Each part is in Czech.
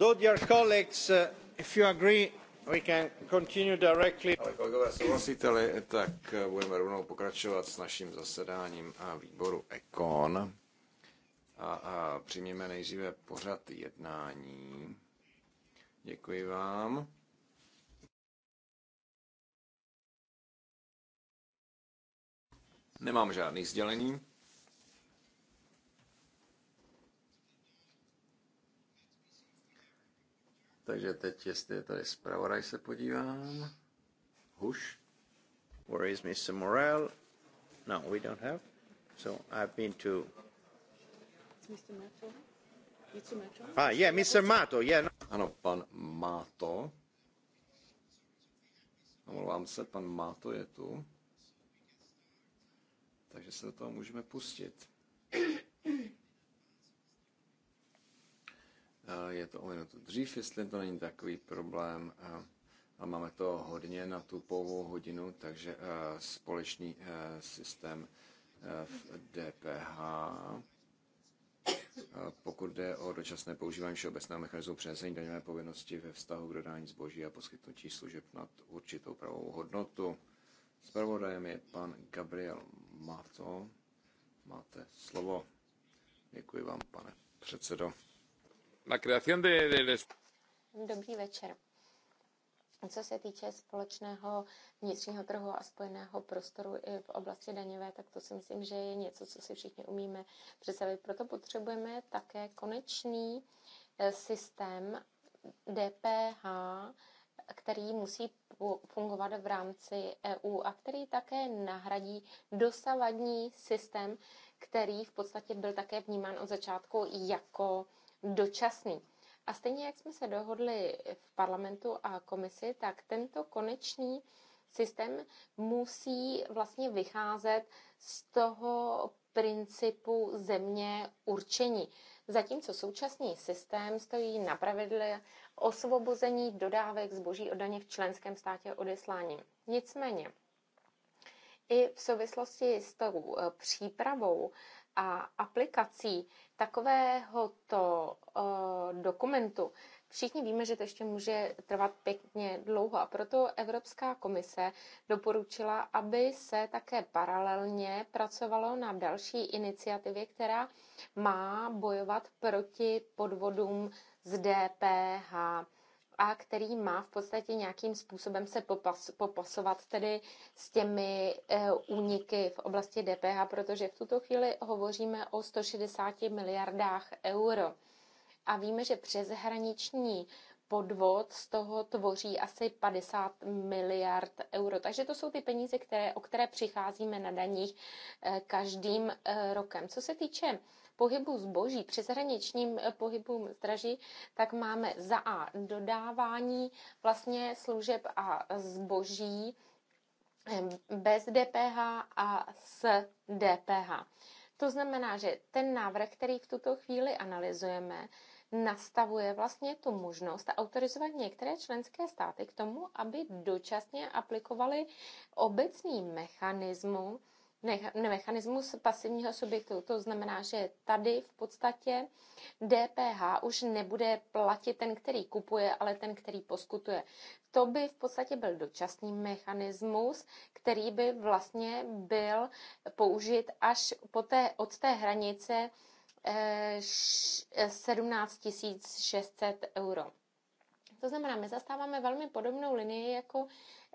Though, dear colleagues, uh, if you agree, we can continue directly. Ale kolegové, tak eh, budeme rovnou pokračovat s naším zasedáním a výboru EKON. A, a přijměme nejdříve pořad jednání. Děkuji vám. Nemám žádný sdělení. Takže teď, jestli je tady zpravodaj, se podívám. Huš. Where is Mr. Morel? No, we don't have. So I've been to... It's Mr. Mato. Mr. Mato. Ah, yeah, Mr. Mato, yeah. No. Ano, pan Mato. Omlouvám se, pan Mato je tu. Takže se do toho můžeme pustit. Eh, je to o minutu dřív, jestli to není takový problém. Eh, a máme to hodně na tu pouhou hodinu, takže eh, společný systém v DPH. Pokud jde o dočasné používání všeobecného mechanismu přenesení daňové povinnosti ve vztahu k dodání zboží a poskytnutí služeb nad určitou pravou hodnotu, Zpravodajem je pan Gabriel Mato. Máte slovo. Děkuji vám, pane předsedo creación de, de... Dobrý večer. Co se týče společného vnitřního trhu a spojeného prostoru i v oblasti daňové, tak to si myslím, že je něco, co si všichni umíme představit. Proto potřebujeme také konečný eh, systém DPH, který musí fungovat v rámci EU a který také nahradí dosavadní systém, který v podstatě byl také vnímán od začátku jako dočasný. A stejně jak jsme se dohodli v parlamentu a komisi, tak tento konečný systém musí vlastně vycházet z toho principu země určení. Zatímco současný systém stojí na pravidle osvobození dodávek zboží od daně v členském státě odesláním. Nicméně, i v souvislosti s tou eh, přípravou a aplikací takovéhoto uh, dokumentu všichni víme, že to ještě může trvat pěkně dlouho a proto Evropská komise doporučila, aby se také paralelně pracovalo na další iniciativě, která má bojovat proti podvodům z DPH a který má v podstatě nějakým způsobem se popas, popasovat tedy s těmi eh, úniky v oblasti DPH, protože v tuto chvíli hovoříme o 160 miliardách euro. A víme, že přeshraniční podvod z toho tvoří asi 50 miliard euro. Takže to jsou ty peníze, které, o které přicházíme na daních eh, každým eh, rokem. Co se týče pohybu zboží, při zahraničním eh, pohybu zdraží, tak máme za A dodávání vlastně služeb a zboží bez DPH a s DPH. To znamená, že ten návrh, který v tuto chvíli analyzujeme, nastavuje vlastně tu možnost autorizovat některé členské státy k tomu, aby dočasně aplikovali obecný mechanismus, mechanismus pasivního subjektu. To znamená, že tady v podstatě DPH už nebude platit ten, který kupuje, ale ten, který poskutuje. To by v podstatě byl dočasný mechanismus, který by vlastně byl použit až po té, od té hranice 17 eh, 600 eh, euro. To znamená, my zastáváme velmi podobnou linii jako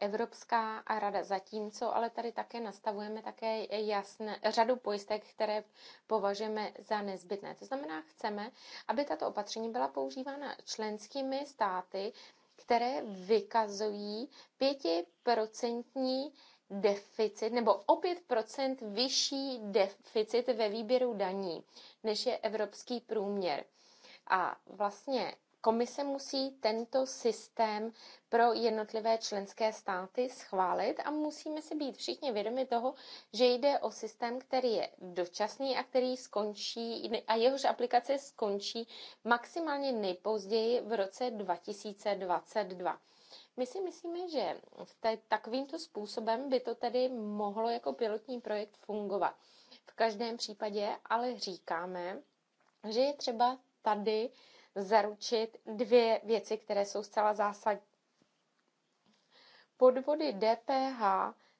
Evropská rada, zatímco ale tady také nastavujeme také jasné, řadu pojistek, které považujeme za nezbytné. To znamená, chceme, aby tato opatření byla používána členskými státy, které vykazují pětiprocentní deficit nebo o 5 vyšší deficit ve výběru daní, než je evropský průměr. A vlastně Komise musí tento systém pro jednotlivé členské státy schválit a musíme si být všichni vědomi toho, že jde o systém, který je dočasný a který skončí a jehož aplikace skončí maximálně nejpozději v roce 2022. My si myslíme, že v té, takovýmto způsobem by to tedy mohlo jako pilotní projekt fungovat. V každém případě ale říkáme, že je třeba tady zaručit dvě věci, které jsou zcela zásadní. Podvody DPH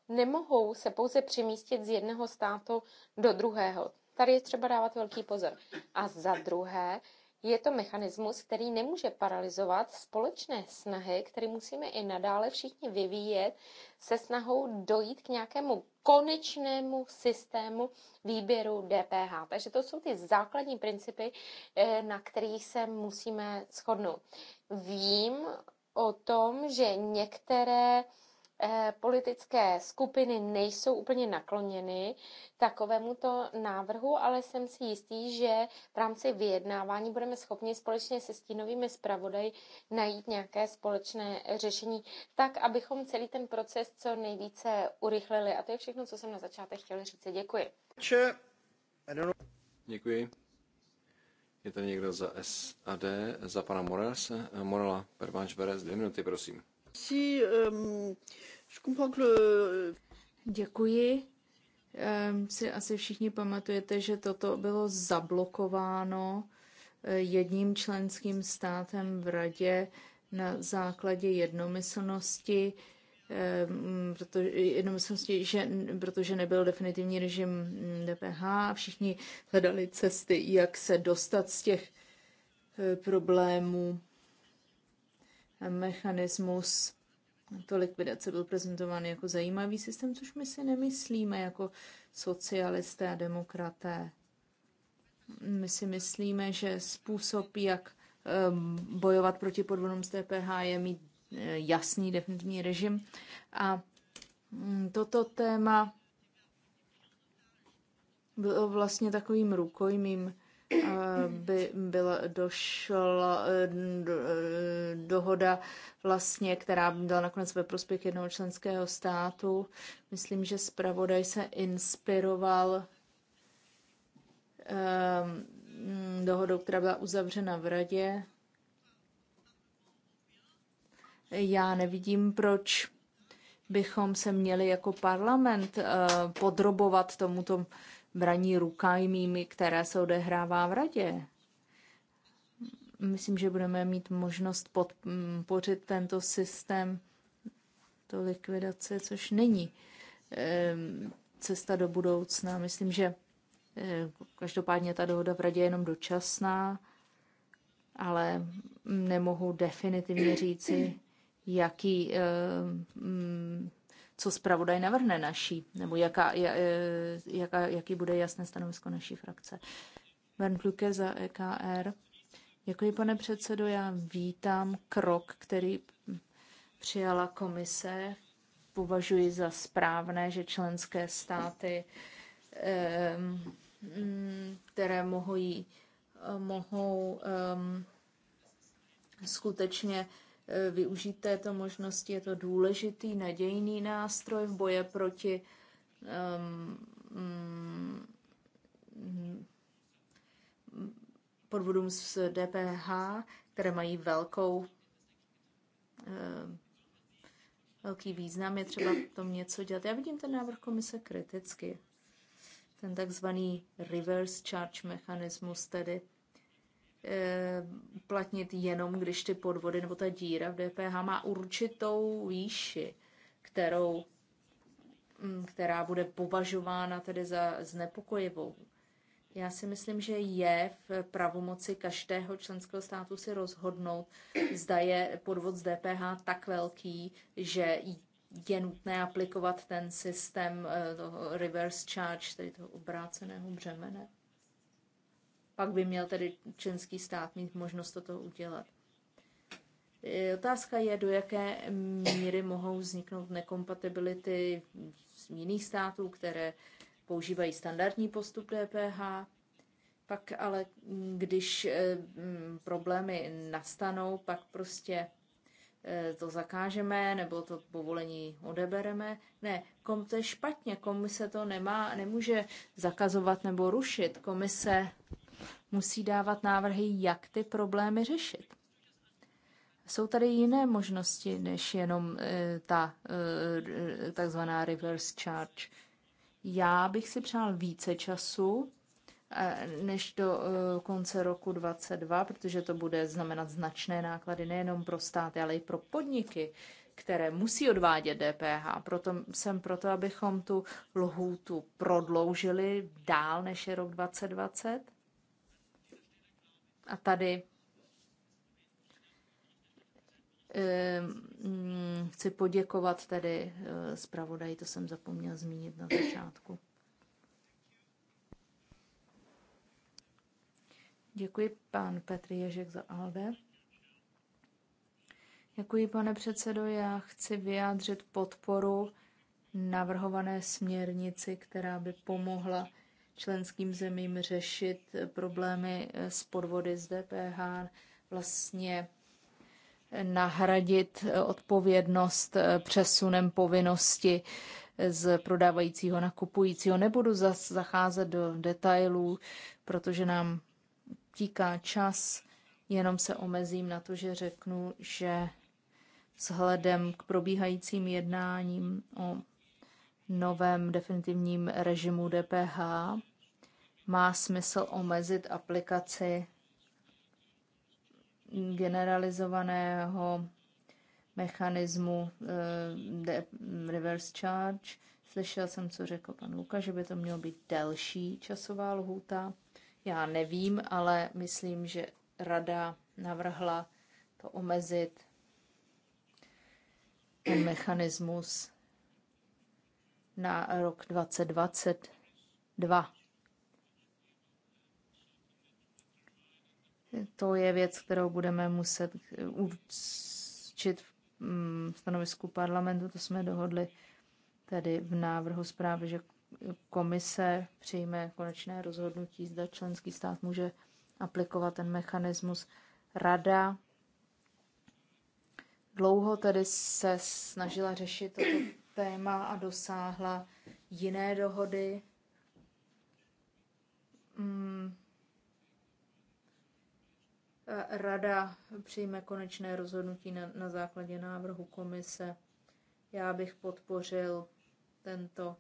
nemohou se pouze přemístit z jednoho státu do druhého. Tady je třeba dávat velký pozor. A za druhé, je to mechanismus, který nemůže paralizovat společné snahy, které musíme i nadále všichni vyvíjet se snahou dojít k nějakému konečnému systému výběru DPH. Takže to jsou ty základní principy, eh, na kterých se musíme shodnout. Vím o tom, že některé Eh, politické skupiny nejsou úplně nakloněny takovému to návrhu, ale jsem si jistý, že v rámci vyjednávání budeme schopni společně se stínovými zpravodaji najít nějaké společné řešení, tak, abychom celý ten proces co nejvíce urychlili. A to je všechno, co jsem na začátek chtěl říct. Děkuji. Děkuji. Je tady někdo za SAD, za pana Morelse, Morela Pervanš Berez, dvě minuty, prosím. Děkuji. Si asi všichni pamatujete, že toto bylo zablokováno eh, jedním členským státem v radě na základě jednomyslnosti, protože, jednomyslnosti, že, protože nebyl definitivní režim mm, DPH a všichni hledali cesty, jak se dostat z těch eh, problémů mechanismus to likvidace byl prezentován jako zajímavý systém, což my si nemyslíme jako socialisté a demokraté. My si myslíme, že způsob, jak ehm, bojovat proti podvodům z DPH, je mít eh, jasný definitivní režim. A hm, toto téma bylo vlastně takovým rukojmím by byla došla eh, eh, dohoda vlastně, která by byla nakonec ve prospěch jednoho členského státu. Myslím, že zpravodaj se inspiroval ehm, dohodou, která byla uzavřena v radě. Já nevidím, proč bychom se měli jako parlament eh, podrobovat tomuto braní rukajmými, které se odehrává v radě. Myslím, že budeme mít možnost podpořit mm, tento systém to likvidace, což není cesta do budoucna. Myslím, že každopádně ta dohoda v radě je jenom dočasná, ale nemohu definitivně říci, jaký co zpravodaj navrhne naší, nebo jaká, e, jaká, jaký bude jasné stanovisko naší frakce. Bernd Kluke za EKR. Děkuji, pane předsedo. Já vítám krok, který přijala komise. Považuji za správné, že členské státy, mm, které mohou, mohou skutečně Eh, využít této možnosti. Je to důležitý, nadějný nástroj v boje proti um, um, podvodům s DPH, které mají velkou, um, velký význam. Je třeba v tom něco dělat. Já vidím ten návrh komise kriticky. Ten takzvaný reverse charge mechanismus, tedy Eh, platnit jenom, když ty podvody nebo ta díra v DPH má určitou výši, kterou, mm, která bude považována tedy za znepokojivou. Já si myslím, že je v pravomoci každého členského státu si rozhodnout, zda je podvod z DPH tak velký, že je nutné aplikovat ten systém eh, toho reverse charge, tedy toho obráceného břemene pak by měl tedy členský stát mít možnost toto udělat. E, otázka je, do jaké míry mohou vzniknout nekompatibility z jiných států, které používají standardní postup DPH. Pak ale, když e, problémy nastanou, pak prostě e, to zakážeme nebo to povolení odebereme. Ne, kom to je špatně, komise to nemá, nemůže zakazovat nebo rušit. Komise musí dávat návrhy, jak ty problémy řešit. Jsou tady jiné možnosti, než jenom eh, ta eh, takzvaná reverse charge. Já bych si přál více času eh, než do konce roku 2022, protože to bude znamenat značné náklady nejenom pro státy, ale i pro podniky, které musí odvádět DPH. Proto jsem proto, abychom tu lhůtu prodloužili dál než je rok 2020 a tady ehm, mm, chci poděkovat tedy eh, zpravodaji, to jsem zapomněl zmínit na začátku. Děkuji pán Petr Ježek za ALDE. Děkuji, pane předsedo. Já chci vyjádřit podporu navrhované směrnici, která by pomohla členským zemím řešit eh, problémy eh, s podvody z DPH, vlastně eh, nahradit odpovědnost přesunem povinnosti z prodávajícího na kupujícího. Nebudu zase zacházet do detailů, protože nám tíká čas, jenom se omezím na to, že řeknu, že vzhledem k probíhajícím jednáním o novém definitivním režimu DPH má smysl omezit aplikaci generalizovaného mechanismu eh, reverse charge. Slyšel jsem, co řekl pan Luka, že by to mělo být delší časová lhůta. Já nevím, ale myslím, že rada navrhla to omezit ten mechanismus na rok 2022. To je věc, kterou budeme muset určit mm, v stanovisku parlamentu, to jsme dohodli tedy v návrhu zprávy, že komise přijme konečné rozhodnutí, zda členský stát může aplikovat ten mechanismus. Rada dlouho tedy se snažila řešit toto téma a dosáhla jiné dohody. Mm. Eh, rada přijme konečné rozhodnutí na, na základě návrhu komise. Já bych podpořil tento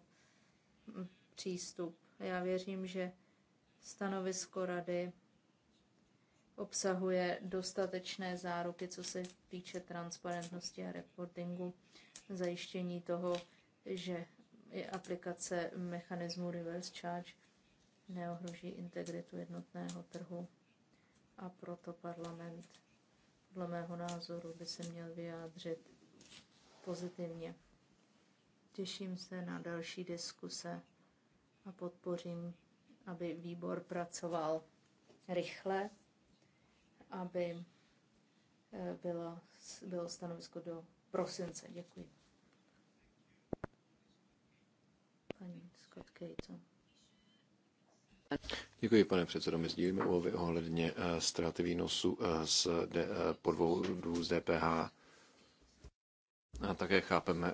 mm, přístup. Já věřím, že stanovisko rady obsahuje dostatečné záruky, co se týče transparentnosti a reportingu zajištění toho, že je aplikace mechanismu reverse charge neohroží integritu jednotného trhu a proto parlament podle mého názoru by se měl vyjádřit pozitivně. Těším se na další diskuse a podpořím, aby výbor pracoval rychle, aby eh, bylo, bylo stanovisko do prosince. Děkuji. Děkuji, pane předsedo. My sdílíme obavy ohledně eh, ztráty výnosu eh, z eh, podvodů z DPH. A také chápeme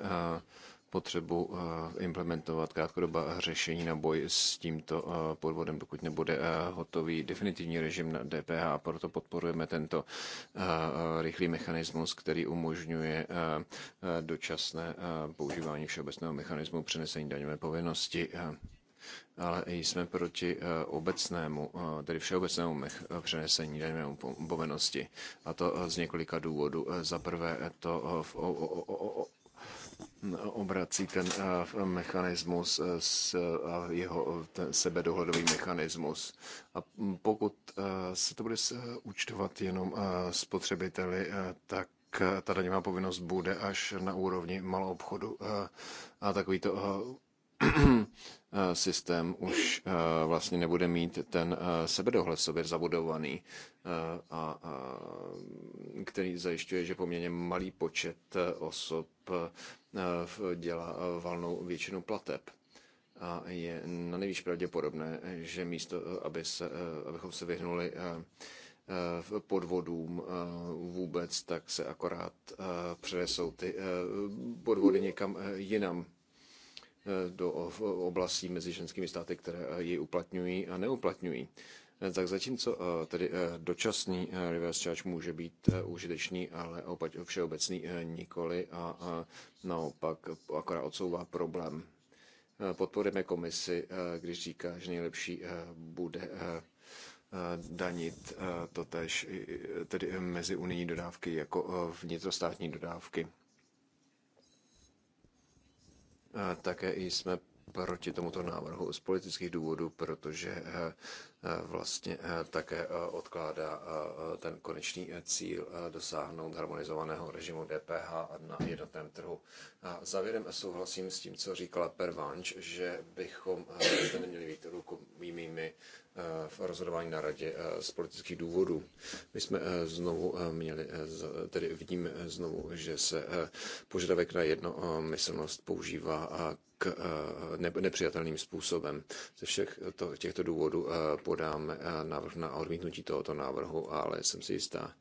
potřebu eh, implementovat krátkodobá řešení na boj s tímto eh, podvodem, dokud nebude eh, hotový definitivní režim na DPH. Proto podporujeme tento rychlý mechanismus, který umožňuje dočasné používání všeobecného mechanismu přenesení daňové povinnosti ale jsme proti obecnému, tedy všeobecnému přenesení daňové povinnosti. A to z několika důvodů. Za prvé to obrací ten eh, eh, mechanismus eh, s jeho sebedohledový mechanismus. A mm, pokud se to bude účtovat jenom spotřebiteli, tak ta daňová povinnost bude až na úrovni malou obchodu. A takovýto systém už vlastně nebude mít ten sebedohled sobě zabudovaný, a, a, který zajišťuje, že poměrně malý počet osob Eh, dělá eh, valnou většinu plateb. A je na nejvíc pravděpodobné, že místo, eh, aby se, abychom se vyhnuli podvodům vůbec, tak se akorát přenesou ty podvody někam jinam do oblastí mezi ženskými státy, které ji uplatňují a neuplatňují. Eh, tak zatímco eh, tedy eh, dočasný reverse charge může být užitečný, ale opač všeobecný nikoli a naopak akorát odsouvá problém. Podporujeme komisi, když říká, že nejlepší bude danit totež tedy mezi unijní dodávky jako vnitrostátní dodávky. Také jsme proti tomuto návrhu z politických důvodů, protože eh, eh, vlastně eh, také odkládá ten konečný cíl dosáhnout harmonizovaného režimu DPH na jednotném trhu. A závěrem souhlasím s tím, co říkala Pervanč, že bychom zde neměli být rukomými v rozhodování na radě z politických důvodů. My jsme znovu měli, tedy vidíme znovu, že se požadavek na jednomyslnost používá k eh, nepřijatelným způsobem. Ze všech to, těchto důvodů eh, podám eh, návrh na odmítnutí tohoto návrhu, ale jsem si jistá.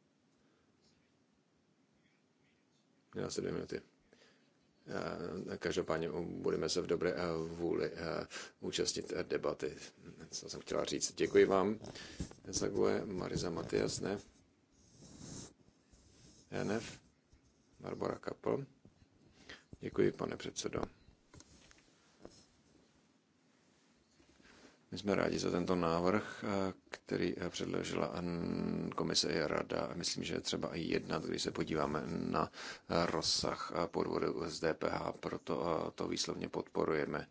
Měla se dvě minuty. Každopádně budeme se v dobré vůli účastnit debaty. Co jsem chtěla říct. Děkuji vám. Zaguje Mariza Matias, ne? NF, Barbara Kapl. Děkuji, pane předsedo. My jsme rádi za tento návrh, eh, který eh, předložila eh, komise i rada. Myslím, že je třeba i jednat, když se podíváme na rozsah podvodu z DPH, proto to výslovně podporujeme.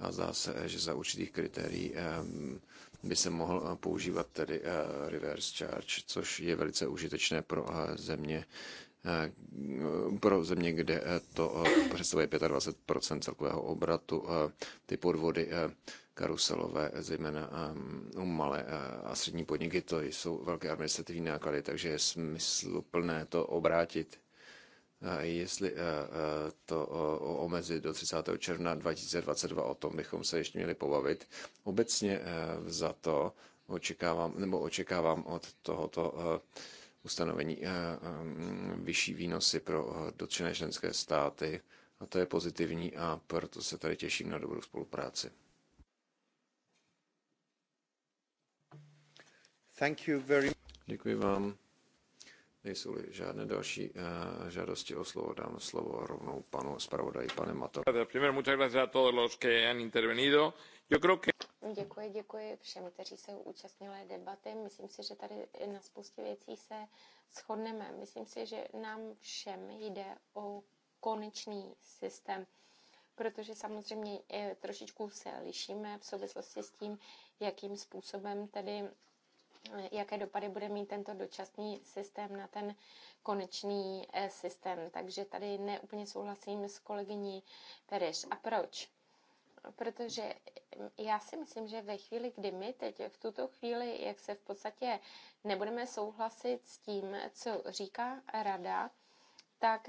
A zdá se, že za určitých kritérií by se mohl používat tedy reverse charge, což je velice užitečné pro země, pro země, kde to představuje 25 celkového obratu. Ty podvody karuselové, zejména ehm, u malé eh, a střední podniky, to jsou velké administrativní náklady, takže je smysluplné to obrátit. Jestli eh, eh, to omezit do 30. června 2022, o tom bychom se ještě měli pobavit. Obecně za to očekávám, nebo očekávám od tohoto ustanovení ehm, vyšší výnosy pro dotčené členské státy a to je pozitivní a proto se tady těším na dobrou spolupráci. Thank you very... Děkuji vám. Nejsou-li žádné další uh, žádosti o slovo, dám slovo rovnou panu zpravodaji, pane Mato. Děkuji, děkuji všem, kteří se účastnili debaty. Myslím si, že tady na spoustě věcí se shodneme. Myslím si, že nám všem jde o konečný systém, protože samozřejmě eh, trošičku se lišíme v souvislosti s tím, jakým způsobem tedy jaké dopady bude mít tento dočasný systém na ten konečný eh, systém. Takže tady neúplně souhlasím s kolegyní Pereš. A proč? Protože mm, já si myslím, že ve chvíli, kdy my teď v tuto chvíli, jak se v podstatě nebudeme souhlasit s tím, co říká rada, tak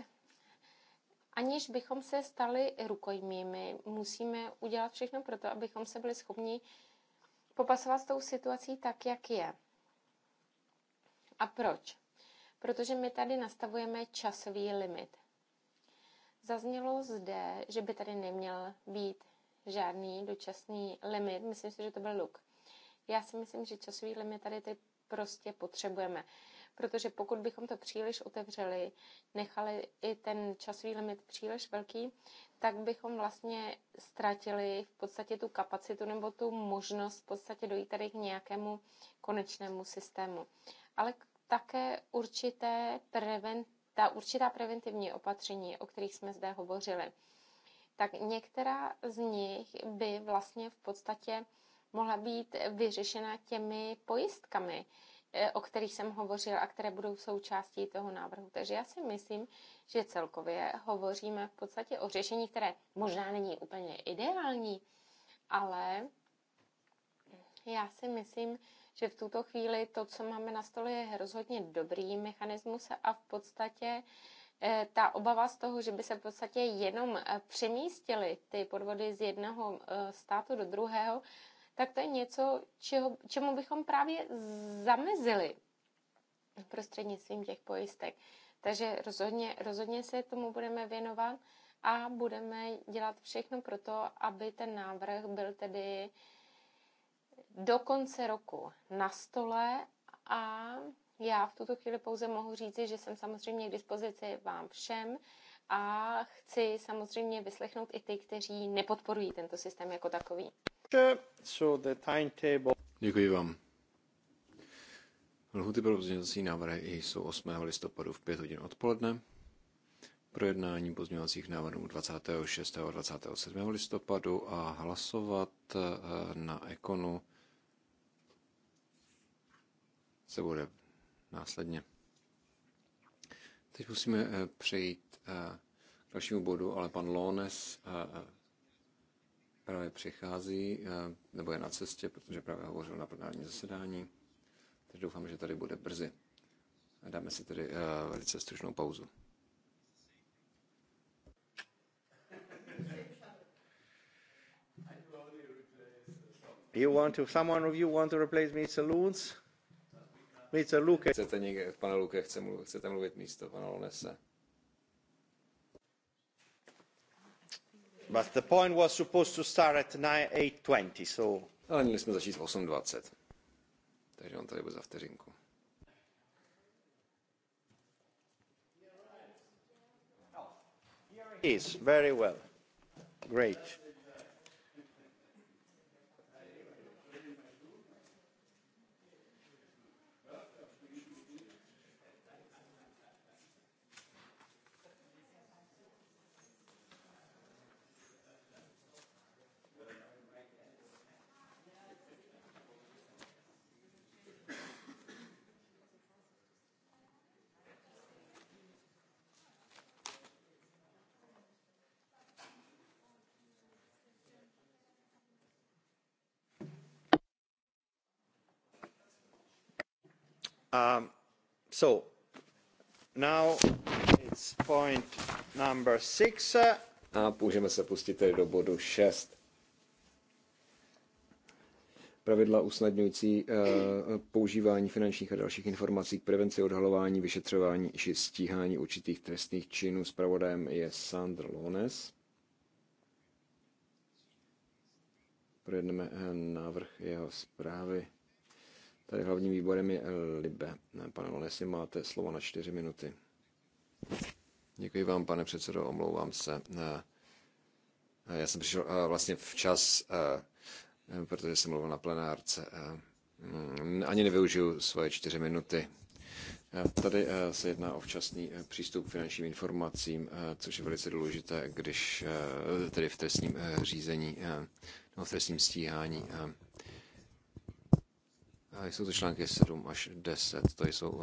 aniž bychom se stali rukojmími, musíme udělat všechno pro to, abychom se byli schopni popasovat s tou situací tak, jak je. A proč? Protože my tady nastavujeme časový limit. Zaznělo zde, že by tady neměl být žádný dočasný limit. Myslím si, že to byl luk. Já si myslím, že časový limit tady, tady prostě potřebujeme protože pokud bychom to příliš otevřeli, nechali i ten časový limit příliš velký, tak bychom vlastně ztratili v podstatě tu kapacitu nebo tu možnost v podstatě dojít tady k nějakému konečnému systému. Ale také určité prevent, ta určitá preventivní opatření, o kterých jsme zde hovořili. Tak některá z nich by vlastně v podstatě mohla být vyřešena těmi pojistkami, E, o kterých jsem hovořil a které budou součástí toho návrhu. Takže já si myslím, že celkově hovoříme v podstatě o řešení, které možná není úplně ideální, ale já si myslím, že v tuto chvíli to, co máme na stole, je rozhodně dobrý mechanismus a v podstatě e, ta obava z toho, že by se v podstatě jenom e, přemístily ty podvody z jednoho státu do druhého, tak to je něco, čeho, čemu bychom právě zamezili prostřednictvím těch pojistek. Takže rozhodně, rozhodně se tomu budeme věnovat a budeme dělat všechno pro to, aby ten návrh byl tedy do konce roku na stole a já v tuto chvíli pouze mohu říci, že jsem samozřejmě k dispozici vám všem a chci samozřejmě vyslechnout i ty, kteří nepodporují tento systém jako takový. Děkuji vám. Lhuty pro pozměňovací návrhy jsou 8. listopadu v 5 hodin odpoledne. Projednání pozměňovacích návrhů 26. a 27. listopadu a hlasovat eh, na ekonu se bude následně. Teď musíme eh, přejít eh, k dalšímu bodu, ale pan Lones právě přichází, eh, nebo je na cestě, protože právě hovořil na plenární zasedání. Takže doufám, že tady bude brzy. A dáme si tedy eh, velice stručnou pauzu. You want to, someone of you want to replace Mr. Lunds? Mr. Luke. Chcete někde, pane Luke, chce mluvit, chcete mluvit místo pana Lonese? But the point supposed to start 8.20, so... Ale měli jsme začít v 8.20. Takže on tady bude za vteřinku. Is very well. Great. Um, so now it's point number six. Uh, a můžeme se pustit tedy do bodu 6. Pravidla usnadňující uh, používání finančních a dalších informací k prevenci odhalování, vyšetřování či stíhání určitých trestných činů. Spravodajem je Sandr Lones. Projedneme eh, návrh jeho zprávy. Tady hlavním výborem je eh, Libe. Ne, pane jestli máte slovo na čtyři minuty. Děkuji vám, pane předsedo, omlouvám se. Eh, eh, já jsem přišel vlastně včas, protože jsem mluvil na plenárce. Mm, ani nevyužiju svoje čtyři minuty. Tady se jedná o včasný přístup k finančním informacím, což je velice důležité, když tedy v trestním řízení nebo v trestním stíhání. Jsou to články 7 až 10, to, jsou,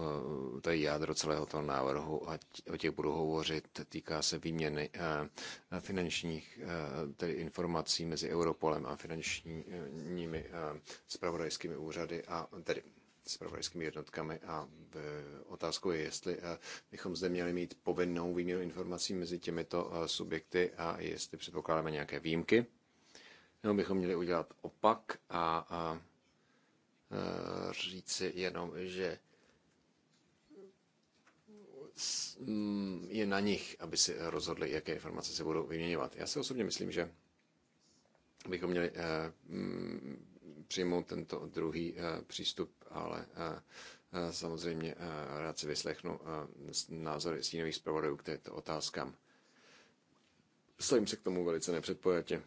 eh, to je jádro celého toho návrhu a o těch budu hovořit. Týká se výměny eh, finančních eh, tedy informací mezi Europolem a finančními spravodajskými úřady a tedy spravodajskými jednotkami a otázkou je, jestli bychom zde měli mít povinnou výměnu informací mezi těmito subjekty a jestli předpokládáme nějaké výjimky. Nebo bychom měli udělat opak a, a Eh, říci jenom, že mm, je na nich, aby si rozhodli, jaké informace se budou vyměňovat. Já si osobně myslím, že bychom měli eh, mm, přijmout tento druhý eh, přístup, ale samozřejmě rád si vyslechnu názory stínových zpravodajů k této otázkám. Stojím se k tomu velice nepředpojatě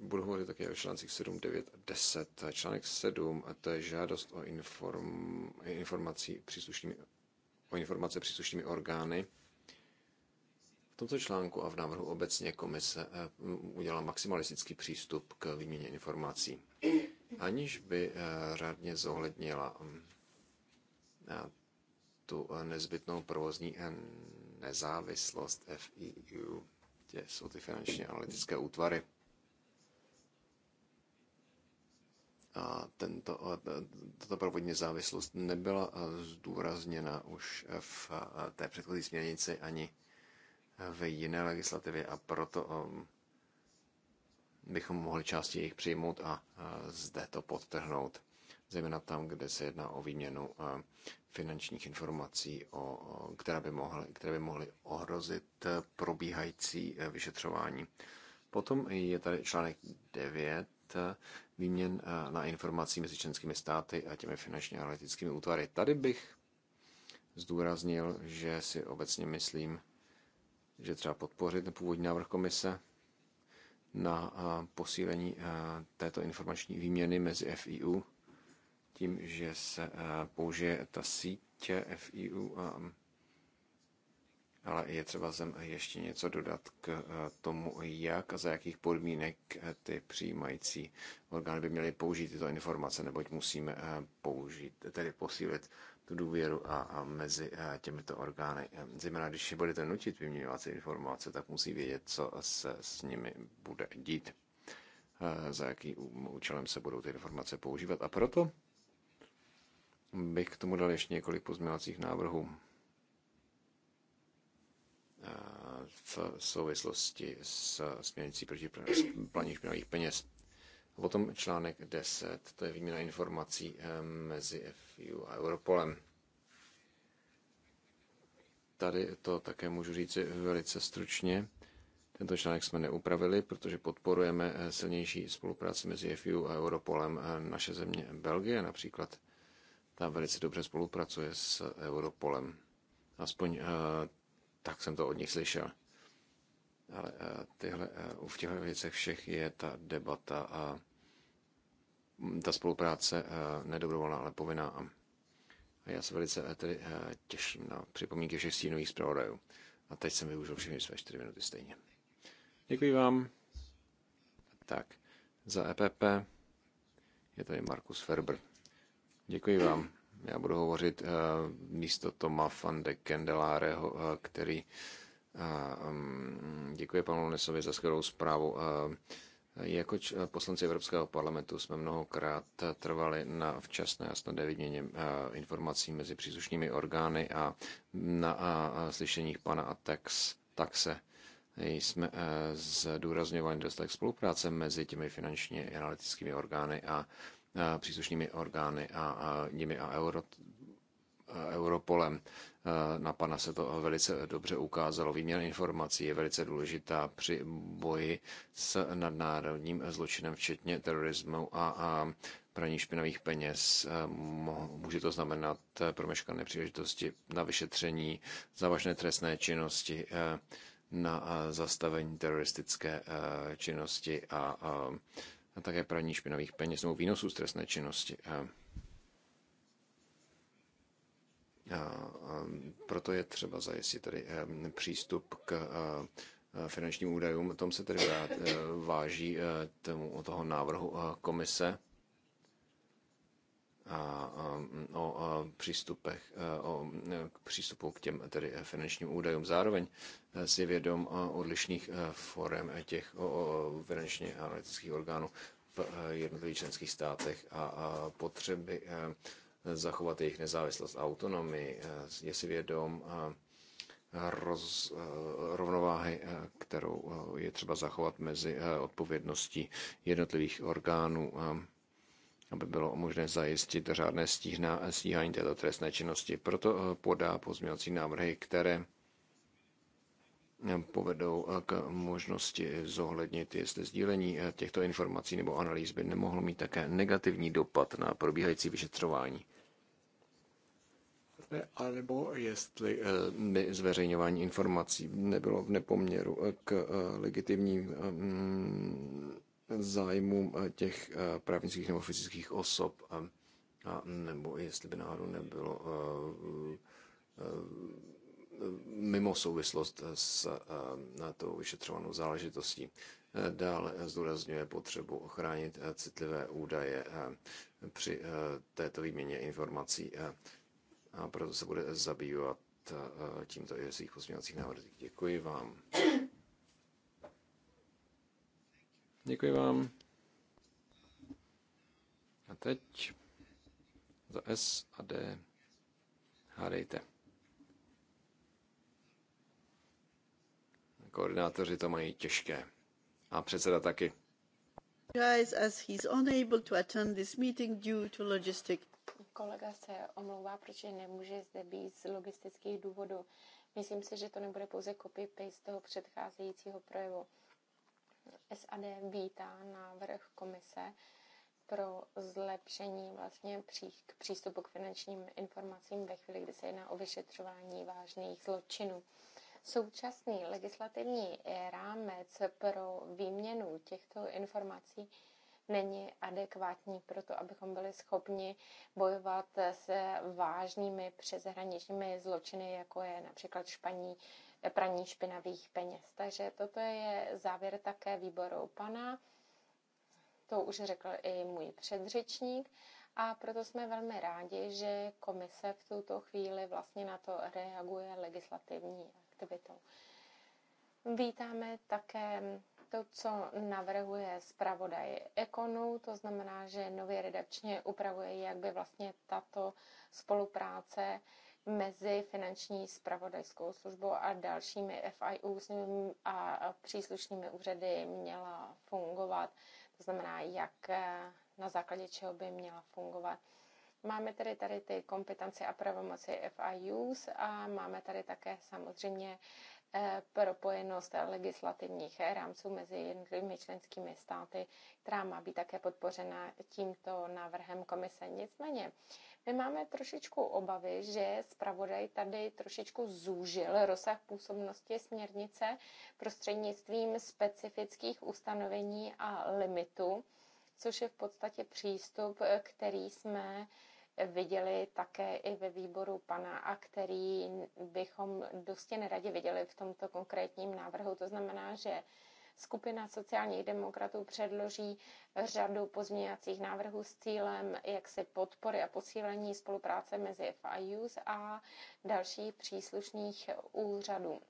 budu hovořit také o článcích 7, 9 a 10. Článek 7, a to je žádost o, inform, informací příslušnými, o informace příslušnými orgány. V tomto článku a v návrhu obecně komise eh, udělala maximalistický přístup k výměně informací, aniž by eh, řádně zohlednila mm, eh, tu nezbytnou provozní nezávislost FIU, kde jsou ty finančně analytické útvary. tento, tato provodní závislost nebyla zdůrazněna už v té předchozí směrnici ani v jiné legislativě a proto um, bychom mohli části jejich přijmout a zde to podtrhnout, zejména tam, kde se jedná o výměnu finančních informací, o, které, by mohly, které by mohly ohrozit e, probíhající e, vyšetřování. Potom je tady článek 9, Eh, výměn eh, na informací mezi členskými státy a těmi finančně analytickými útvary. Tady bych zdůraznil, že si obecně myslím, že třeba podpořit původní návrh komise na eh, posílení této informační výměny mezi FIU tím, že se použije ta síť FIU a ale je třeba sem ještě něco dodat k eh, tomu, jak a za jakých podmínek eh, ty přijímající orgány by měly použít tyto informace, neboť musíme eh, použít, tedy posílit tu důvěru a, a mezi těmito orgány. Zejména když je budete nutit vyměňovat informace, tak musí vědět, co se s nimi bude dít, za jakým účelem se budou ty informace používat. A proto bych k tomu dal ještě několik pozměňovacích návrhů v souvislosti s směrnicí proti praní špinavých peněz. Potom článek 10, to je výměna informací eh, mezi FU a Europolem. Tady to také můžu říct velice stručně. Tento článek jsme neupravili, protože podporujeme eh, silnější spolupráci mezi FU a Europolem. Eh, naše země Belgie například ta velice dobře spolupracuje s Europolem. Aspoň tak jsem to od nich slyšel. Ale eh, tyhle, eh, v těchto věcech všech je ta debata a mm, ta spolupráce eh, nedobrovolná, ale povinná. A já se velice tedy těším na připomínky všech stínových zpravodajů. A teď jsem využil všechny své čtyři minuty stejně. Děkuji vám. Tak, za EPP je tady Markus Ferber. Děkuji vám. Já budu hovořit eh, místo Toma van de Kendeláreho, eh, který eh, mm, děkuje panu Nesovi za skvělou zprávu. Jako poslanci Evropského parlamentu jsme mnohokrát trvali na včasné a snadné vyměně informací mezi příslušnými orgány a na slyšeních pana Tak taxe jsme zdůrazňovali dostatek spolupráce mezi těmi finančně analytickými orgány a Eh, příslušnými orgány a, nimi a euro, eh, Europolem. Eh, na pana se to velice dobře ukázalo. Výměna informací je velice důležitá při boji s nadnárodním zločinem, včetně terorismu a, praní špinavých peněz. Může to znamenat promeškané příležitosti na vyšetření závažné trestné činnosti, na zastavení teroristické činnosti a a no také praní špinavých peněz nebo výnosů z trestné činnosti. A proto je třeba zajistit tedy eh, přístup k eh, finančním údajům. Tom se tedy eh, váží tomu, toho návrhu komise a o přístupech, o přístupu k těm tedy finančním údajům. Zároveň e, si vědom odlišných e, forem těch finančně analytických orgánů v e, jednotlivých členských státech a potřeby zachovat jejich nezávislost a autonomii. Je si vědom roz, rovnováhy, kterou je třeba zachovat mezi odpovědností jednotlivých orgánů aby bylo možné zajistit řádné stíhna, stíhání této trestné činnosti. Proto eh, podá pozměňovací návrhy, které eh, povedou eh, k možnosti zohlednit, jestli sdílení těchto informací nebo analýz by nemohlo mít také negativní dopad na probíhající vyšetřování. A nebo jestli by zveřejňování informací nebylo v nepoměru k legitimním mm, zájmům eh, těch eh, právnických nebo fyzických osob, eh, a nebo jestli by náhodou nebylo mimo souvislost s tou vyšetřovanou záležitostí. Dále zdůrazňuje potřebu ochránit citlivé údaje při této výměně informací a proto se bude zabývat tímto i svých pozměňovacích návrzích. Děkuji vám. Děkuji vám. A teď za S a D hádejte. Koordinátoři to mají těžké. A předseda taky. Guys, as he's unable to attend this meeting due to logistic. Kolega se omlouvá, proč nemůže zde být z logistických důvodů. Myslím si, že to nebude pouze copy-paste toho předcházejícího projevu. SAD vítá návrh komise pro zlepšení vlastně pří, k přístupu k finančním informacím ve chvíli, kdy se jedná o vyšetřování vážných zločinů. Současný legislativní rámec pro výměnu těchto informací není adekvátní pro to, abychom byli schopni bojovat s vážnými přeshraničními zločiny, jako je například španí praní špinavých peněz. Takže toto je závěr také výboru pana. To už řekl i můj předřečník. A proto jsme velmi rádi, že komise v tuto chvíli vlastně na to reaguje legislativní aktivitou. Vítáme také to, co navrhuje zpravodaj Ekonu, to znamená, že nově redakčně upravuje, jak by vlastně tato spolupráce mezi finanční spravodajskou službou a dalšími FIU a příslušnými úřady měla fungovat. To znamená, jak eh, na základě čeho by měla fungovat. Máme tedy tady ty kompetence a pravomoci FIUs a máme tady také samozřejmě eh, propojenost legislativních rámců mezi jednotlivými členskými státy, která má být také podpořena tímto návrhem komise. Nicméně my máme trošičku obavy, že zpravodaj tady trošičku zúžil rozsah působnosti směrnice prostřednictvím specifických ustanovení a limitů, což je v podstatě přístup, který jsme viděli také i ve výboru pana a který bychom dosti neradě viděli v tomto konkrétním návrhu. To znamená, že Skupina sociálních demokratů předloží řadu pozměňovacích návrhů s cílem jaksi podpory a posílení spolupráce mezi FIUs a dalších příslušných úřadů.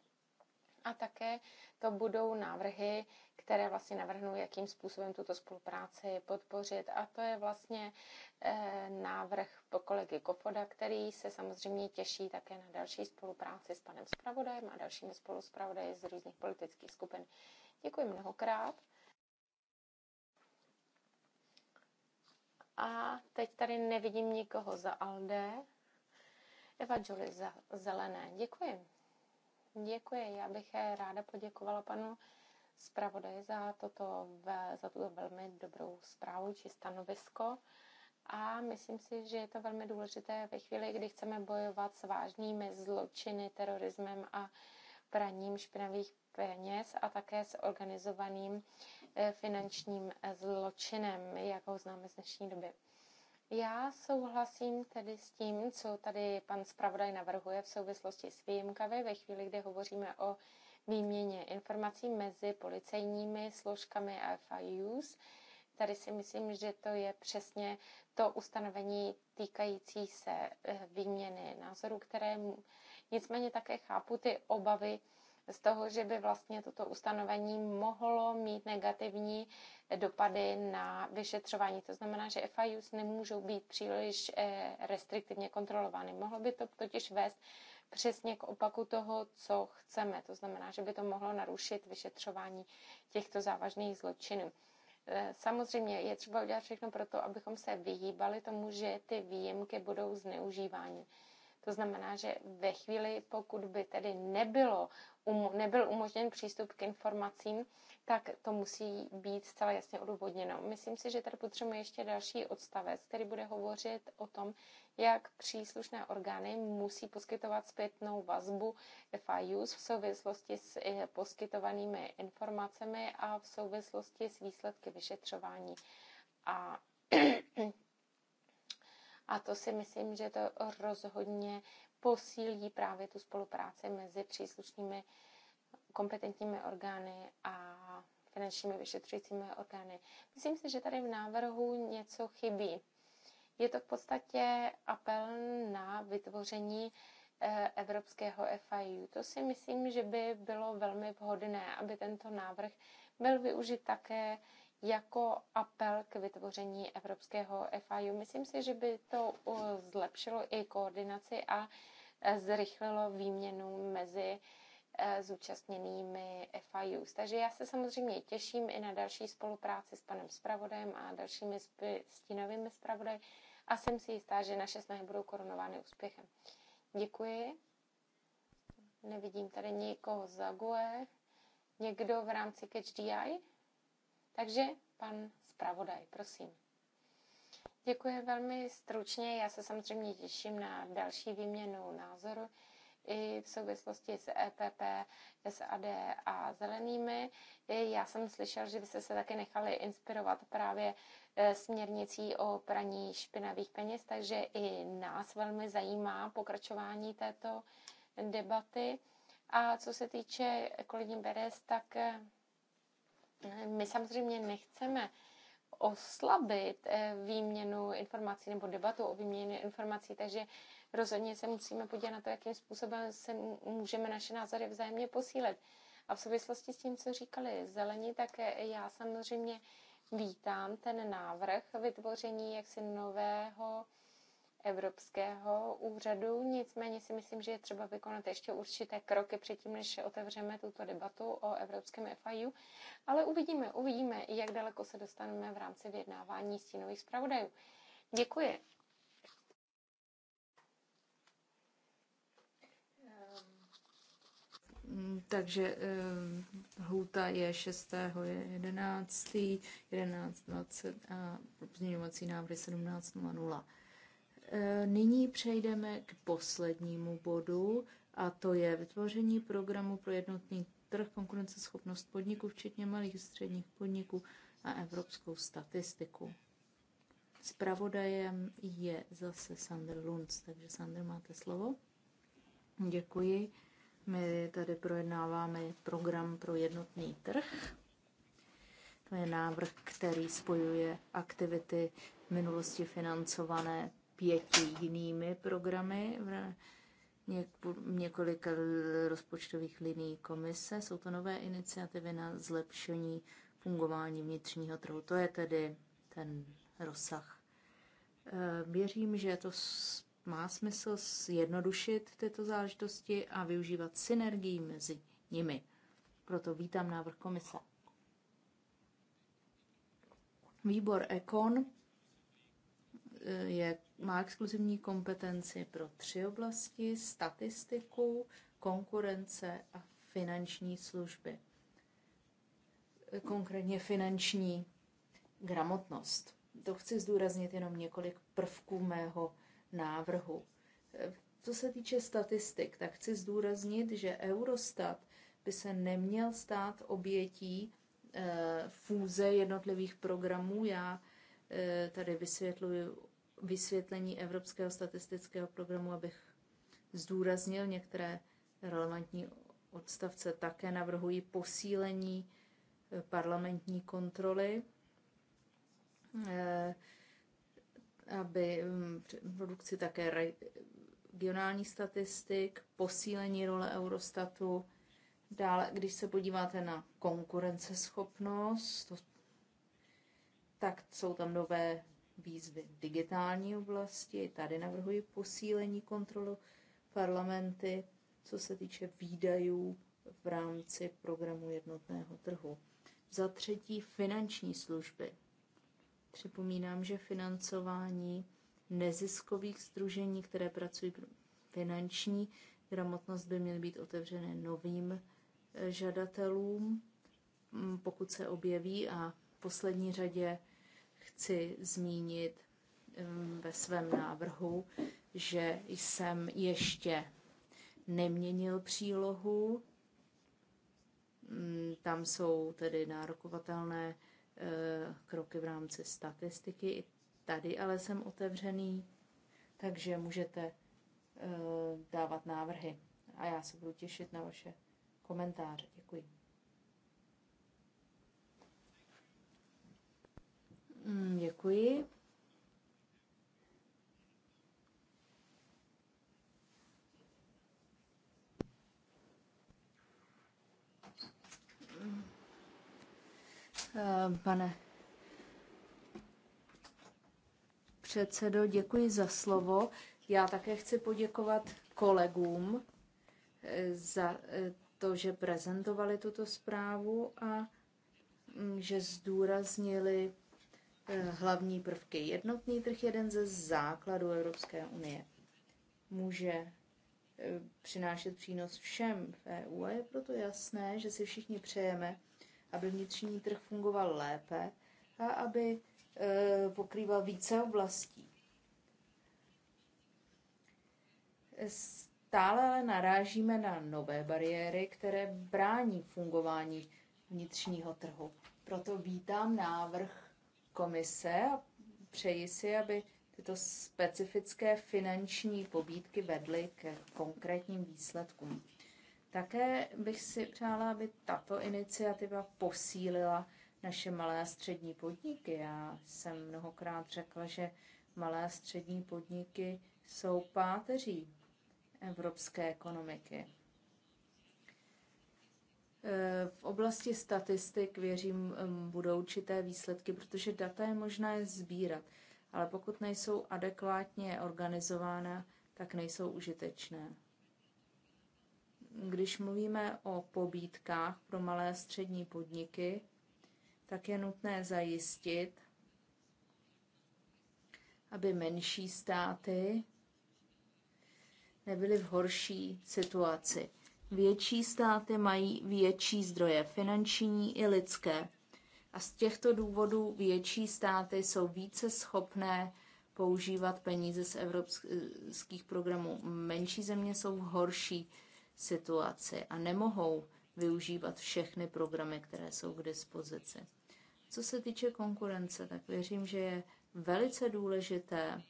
A také to budou návrhy, které vlastně navrhnou, jakým způsobem tuto spolupráci podpořit. A to je vlastně eh, návrh po kolegy Kofoda, který se samozřejmě těší také na další spolupráci s panem zpravodajem a dalšími spoluspravodaji z různých politických skupin. Děkuji mnohokrát. A teď tady nevidím nikoho za Alde. Eva Julie za Zelené. Děkuji. Děkuji. Já bych ráda poděkovala panu zpravodaji za, toto, za tuto velmi dobrou zprávu či stanovisko. A myslím si, že je to velmi důležité ve chvíli, kdy chceme bojovat s vážnými zločiny, terorismem a praním špinavých peněz a také s organizovaným eh, finančním eh, zločinem, jak ho známe z dnešní doby. Já souhlasím tedy s tím, co tady pan zpravodaj navrhuje v souvislosti s výjimkami ve chvíli, kdy hovoříme o výměně informací mezi policejními složkami a FIUs. Tady si myslím, že to je přesně to ustanovení týkající se eh, výměny názorů, které nicméně také chápu ty obavy, z toho, že by vlastně toto ustanovení mohlo mít negativní dopady na vyšetřování. To znamená, že FIUs nemůžou být příliš eh, restriktivně kontrolovány. Mohlo by to totiž vést přesně k opaku toho, co chceme. To znamená, že by to mohlo narušit vyšetřování těchto závažných zločinů. Eh, samozřejmě je třeba udělat všechno pro to, abychom se vyhýbali tomu, že ty výjimky budou zneužívány. To znamená, že ve chvíli, pokud by tedy nebylo, um, nebyl umožněn přístup k informacím, tak to musí být zcela jasně odůvodněno. Myslím si, že tady potřebujeme ještě další odstavec, který bude hovořit o tom, jak příslušné orgány musí poskytovat zpětnou vazbu FIUs v souvislosti s eh, poskytovanými informacemi a v souvislosti s výsledky vyšetřování. A A to si myslím, že to rozhodně posílí právě tu spolupráci mezi příslušnými kompetentními orgány a finančními vyšetřujícími orgány. Myslím si, že tady v návrhu něco chybí. Je to v podstatě apel na vytvoření eh, evropského FIU. To si myslím, že by bylo velmi vhodné, aby tento návrh byl využit také jako apel k vytvoření evropského FIU. Myslím si, že by to uh, zlepšilo i koordinaci a eh, zrychlilo výměnu mezi eh, zúčastněnými FIU. Takže já se samozřejmě těším i na další spolupráci s panem Spravodajem a dalšími stínovými zpravodaji a jsem si jistá, že naše snahy budou korunovány úspěchem. Děkuji. Nevidím tady nikoho z GUE. Někdo v rámci CatchDI? Takže pan zpravodaj, prosím. Děkuji velmi stručně. Já se samozřejmě těším na další výměnu názoru i v souvislosti s EPP, SAD a zelenými. Já jsem slyšel, že byste se také nechali inspirovat právě e, směrnicí o praní špinavých peněz, takže i nás velmi zajímá pokračování této debaty. A co se týče kolegy Beres, tak e, my samozřejmě nechceme oslabit eh, výměnu informací nebo debatu o výměně informací, takže rozhodně se musíme podívat na to, jakým způsobem se můžeme naše názory vzájemně posílit. A v souvislosti s tím, co říkali zelení, tak eh, já samozřejmě vítám ten návrh vytvoření jaksi nového Evropského úřadu. Nicméně si myslím, že je třeba vykonat ještě určité kroky předtím, než otevřeme tuto debatu o Evropském FIU. Ale uvidíme, uvidíme, jak daleko se dostaneme v rámci vyjednávání stínových zpravodajů. Děkuji. Ehm, takže ehm, hůta je 6. 11. 11.20 a pozměňovací návrhy 17.00. Eh, nyní přejdeme k poslednímu bodu, a to je vytvoření programu pro jednotný trh, konkurenceschopnost podniků, včetně malých a středních podniků a evropskou statistiku. Spravodajem je zase Sandr Lunds, takže Sandr, máte slovo. Děkuji. My tady projednáváme program pro jednotný trh. To je návrh, který spojuje aktivity v minulosti financované pěti jinými programy v několika rozpočtových liní komise. Jsou to nové iniciativy na zlepšení fungování vnitřního trhu. To je tedy ten rozsah. Eh, věřím, že to má smysl zjednodušit tyto záležitosti a využívat synergii mezi nimi. Proto vítám návrh komise. Výbor Ekon Eh, je, má exkluzivní kompetenci pro tři oblasti, statistiku, konkurence a finanční služby. Eh, konkrétně finanční gramotnost. To chci zdůraznit jenom několik prvků mého návrhu. Eh, co se týče statistik, tak chci zdůraznit, že Eurostat by se neměl stát obětí e, fůze jednotlivých programů. Já e, tady vysvětluji vysvětlení Evropského statistického programu, abych zdůraznil některé relevantní odstavce. Také navrhuji posílení eh, parlamentní kontroly, eh, aby mm, produkci také regionální statistik, posílení role Eurostatu. Dále, když se podíváte na konkurenceschopnost, tak jsou tam nové výzvy v digitální oblasti. Tady navrhuji posílení kontrolu parlamenty, co se týče výdajů v rámci programu jednotného trhu. Za třetí finanční služby. Připomínám, že financování neziskových združení, které pracují finanční gramotnost, by měly být otevřené novým e, žadatelům, pokud se objeví a v poslední řadě chci zmínit um, ve svém návrhu, že jsem ještě neměnil přílohu. Mm, tam jsou tedy nárokovatelné eh, kroky v rámci statistiky. I tady ale jsem otevřený, takže můžete eh, dávat návrhy. A já se budu těšit na vaše komentáře. Děkuji. Mm, děkuji. Eh, pane předsedo, děkuji za slovo. Já také chci poděkovat kolegům eh, za eh, to, že prezentovali tuto zprávu a mm, že zdůraznili hlavní prvky. Jednotný trh jeden ze základů Evropské unie. Může eh, přinášet přínos všem v EU a je proto jasné, že si všichni přejeme, aby vnitřní trh fungoval lépe a aby eh, pokrýval více oblastí. Stále ale narážíme na nové bariéry, které brání fungování vnitřního trhu. Proto vítám návrh komise a přeji si, aby tyto specifické finanční pobídky vedly k konkrétním výsledkům. Také bych si přála, aby tato iniciativa posílila naše malé a střední podniky. Já jsem mnohokrát řekla, že malé a střední podniky jsou páteří evropské ekonomiky. Eh, v oblasti statistik věřím, budou určité výsledky, protože data je možné sbírat, ale pokud nejsou adekvátně organizována, tak nejsou užitečné. Když mluvíme o pobídkách pro malé a střední podniky, tak je nutné zajistit, aby menší státy nebyly v horší situaci Větší státy mají větší zdroje finanční i lidské. A z těchto důvodů větší státy jsou více schopné používat peníze z evropských programů. Menší země jsou v horší situaci a nemohou využívat všechny programy, které jsou k dispozici. Co se týče konkurence, tak věřím, že je velice důležité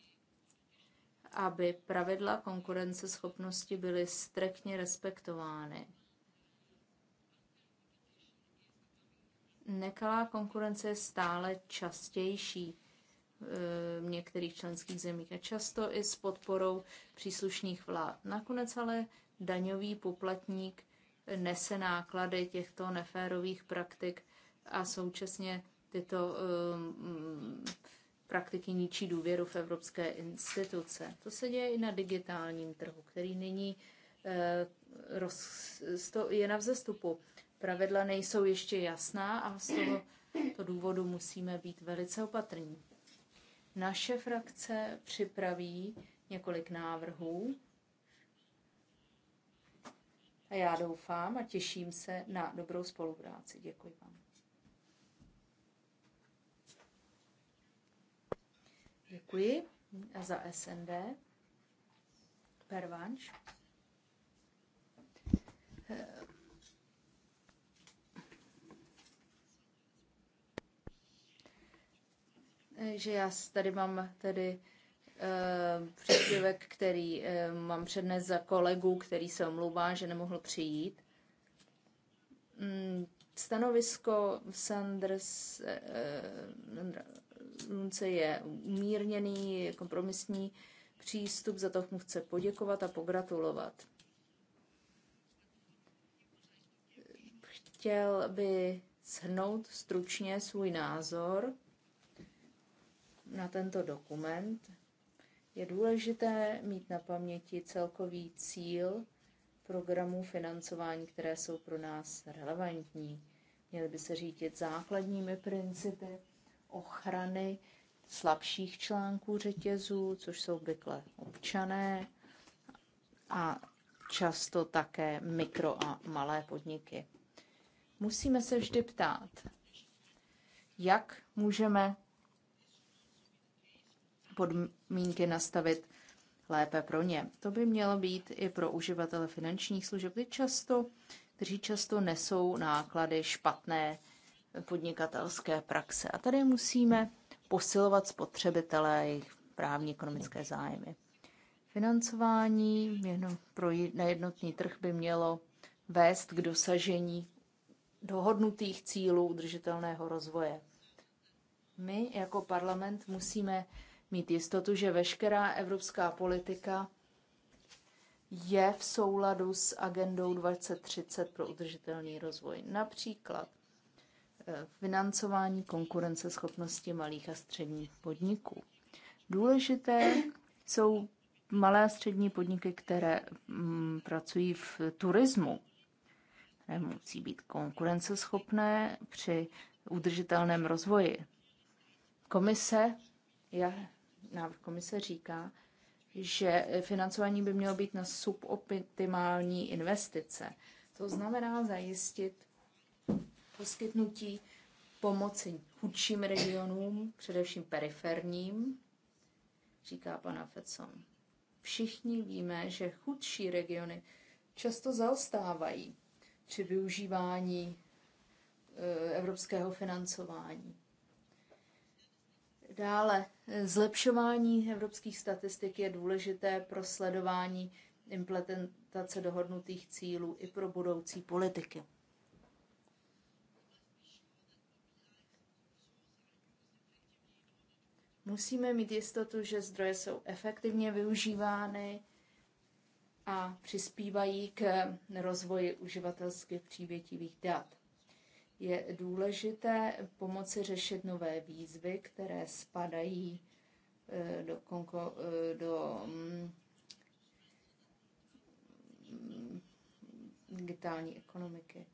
aby pravidla konkurenceschopnosti byly striktně respektovány. Nekalá konkurence je stále častější e, v některých členských zemích a často i s podporou příslušných vlád. Nakonec ale daňový poplatník nese náklady těchto neférových praktik a současně tyto um, Prakticky ničí důvěru v evropské instituce. To se děje i na digitálním trhu, který nyní eh, je na vzestupu. Pravidla nejsou ještě jasná a z toho to důvodu musíme být velice opatrní. Naše frakce připraví několik návrhů a já doufám a těším se na dobrou spolupráci. Děkuji vám. Děkuji. A za SND. Pervanš. Eh, že já tady mám tedy uh, příspěvek, který uh, mám přednes za kolegu, který se omlouvá, že nemohl přijít. Mm, stanovisko Sanders, uh, Lunce je umírněný, kompromisní přístup, za to mu chce poděkovat a pogratulovat. Chtěl by shrnout stručně svůj názor na tento dokument. Je důležité mít na paměti celkový cíl programů financování, které jsou pro nás relevantní. Měly by se řídit základními principy ochrany slabších článků řetězů, což jsou obvykle občané a často také mikro a malé podniky. Musíme se vždy ptát, jak můžeme podmínky nastavit lépe pro ně. To by mělo být i pro uživatele finančních služeb, kteří často, kteří často nesou náklady špatné podnikatelské praxe. A tady musíme posilovat spotřebitelé jejich právní ekonomické zájmy. Financování pro na jednotný trh by mělo vést k dosažení dohodnutých cílů udržitelného rozvoje. My jako parlament musíme mít jistotu, že veškerá evropská politika je v souladu s agendou 2030 pro udržitelný rozvoj. Například financování konkurenceschopnosti malých a středních podniků. Důležité jsou malé a střední podniky, které m, mm, pracují v turismu, které musí být konkurenceschopné při udržitelném rozvoji. Komise, já, návrh komise říká, že financování by mělo být na suboptimální investice. To znamená zajistit poskytnutí pomoci chudším regionům, především periferním, říká pana Fetson. Všichni víme, že chudší regiony často zaostávají při využívání e, evropského financování. Dále, e, zlepšování evropských statistik je důležité pro sledování implementace dohodnutých cílů i pro budoucí politiky. Musíme mít jistotu, že zdroje jsou efektivně využívány a přispívají k rozvoji uživatelsky přívětivých dat. Je důležité pomoci řešit nové výzvy, které spadají eh, do, konko, eh, do mm, digitální ekonomiky.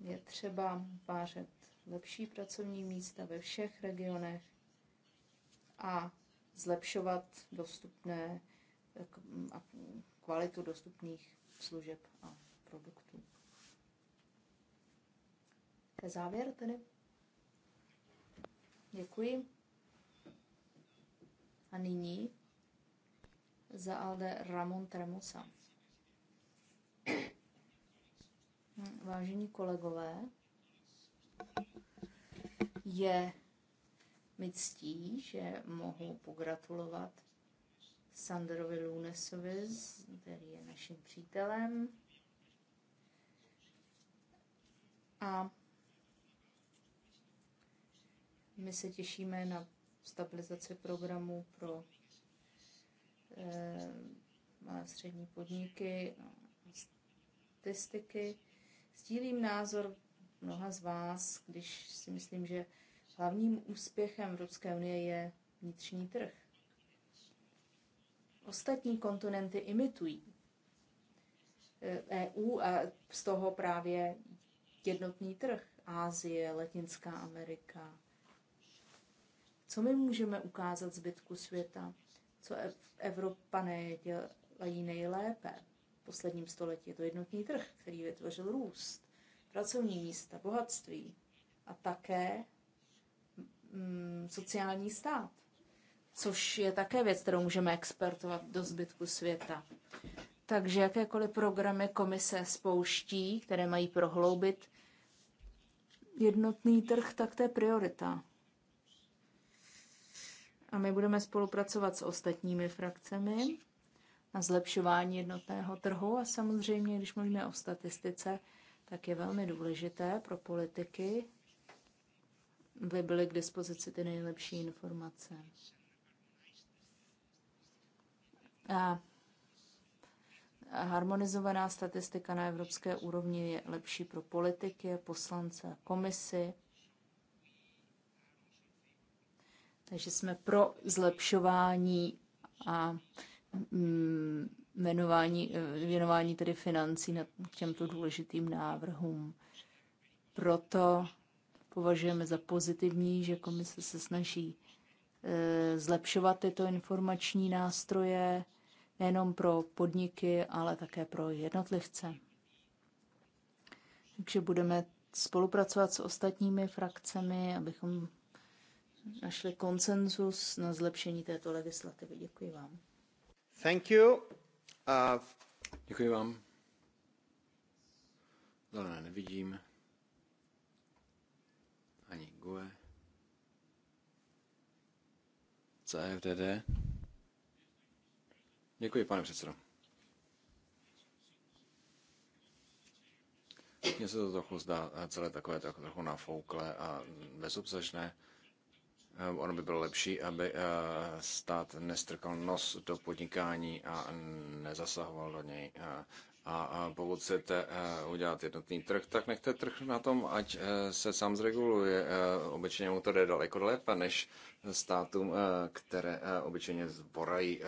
Je třeba vářet lepší pracovní místa ve všech regionech a zlepšovat dostupné mm, a kvalitu dostupných služeb a produktů. To je závěr tedy. Děkuji. A nyní za Alde Ramon Tremosa. Hm, vážení kolegové, je mi ctí, že mohu pogratulovat Sandrovi Lunesovi, který je naším přítelem. A my se těšíme na stabilizaci programu pro eh, malé střední podniky, statistiky. Sdílím názor mnoha z vás, když si myslím, že Hlavním úspěchem Evropské unie je vnitřní trh. Ostatní kontinenty imitují EU eh, e a z toho právě jednotný trh. Ázie, Latinská Amerika. Co my můžeme ukázat zbytku světa? Co Evropané dělají nejlépe? V posledním století je to jednotný trh, který vytvořil růst, pracovní místa, bohatství a také Mm, sociální stát, což je také věc, kterou můžeme exportovat do zbytku světa. Takže jakékoliv programy komise spouští, které mají prohloubit jednotný trh, tak to je priorita. A my budeme spolupracovat s ostatními frakcemi na zlepšování jednotného trhu a samozřejmě, když mluvíme o statistice, tak je velmi důležité pro politiky by byly k dispozici ty nejlepší informace. A harmonizovaná statistika na evropské úrovni je lepší pro politiky, poslance a komisy. Takže jsme pro zlepšování a mm, jmenování, eh, věnování tedy financí na těmto důležitým návrhům. Proto Považujeme za pozitivní, že komise se snaží e, zlepšovat tyto informační nástroje nejenom pro podniky, ale také pro jednotlivce. Takže budeme spolupracovat s ostatními frakcemi, abychom našli konsenzus na zlepšení této legislativy. Děkuji vám. Thank you. Uh... Děkuji vám. Zelené nevidím. GUE, CFDD. Děkuji, pane předsedo. Mně se to trochu zdá celé takové tak trochu nafouklé a bezobsažné. Eh, ono by bylo lepší, aby eh, stát nestrkal nos do podnikání a nezasahoval do něj. Eh, a, pokud chcete eh, udělat jednotný trh, tak nechte trh na tom, ať eh, se sám zreguluje. Eh, obyčejně mu to jde daleko lépe než státům, které obyčejně zborají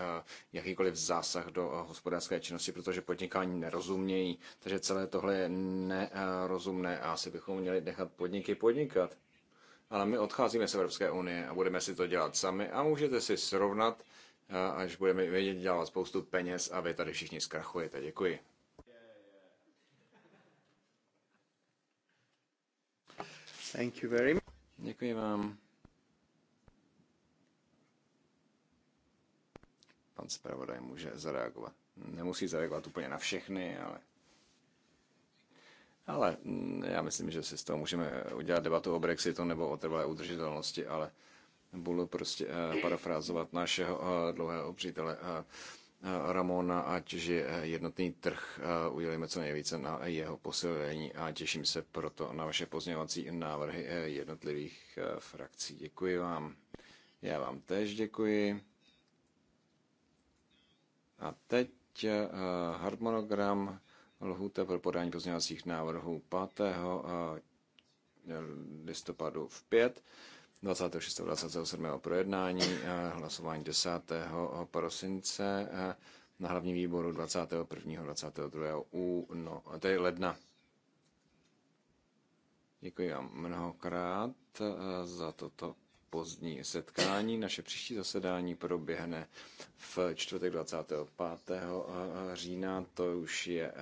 jakýkoliv zásah do hospodářské činnosti, protože podnikání nerozumějí. Takže celé tohle je nerozumné a asi bychom měli nechat podniky podnikat. Ale my odcházíme z Evropské unie a budeme si to dělat sami a můžete si srovnat, až budeme vědět dělat spoustu peněz a vy tady všichni zkrachujete. Děkuji. Děkuji vám. Pan zpravodaj může zareagovat. Nemusí zareagovat úplně na všechny, ale ale mm, já myslím, že si z toho můžeme udělat debatu o Brexitu nebo o trvalé udržitelnosti, ale budu prostě eh, parafrázovat našeho eh, dlouhého přítele eh, Ramona, ať že eh, jednotný trh eh, udělíme co nejvíce na jeho posilení a těším se proto na vaše pozměňovací návrhy eh, jednotlivých frakcí. Děkuji vám. Já vám tež děkuji. A teď harmonogram lhůta pro podání pozměňovacích návrhů 5. listopadu v 5. 26. 27. projednání, eh, hlasování 10. prosince eh, na hlavním výboru 21. 22. úno, eh, tedy ledna. Děkuji vám mnohokrát za toto pozdní setkání. Naše příští zasedání proběhne v čtvrtek 25. října. To už je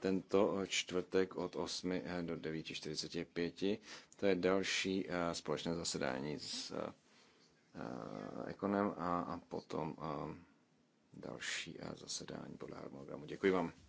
tento eh, čtvrtek od 8 eh, do 9.45. To je další eh, společné zasedání s Ekonem a potom další zasedání podle harmonogramu. Děkuji vám.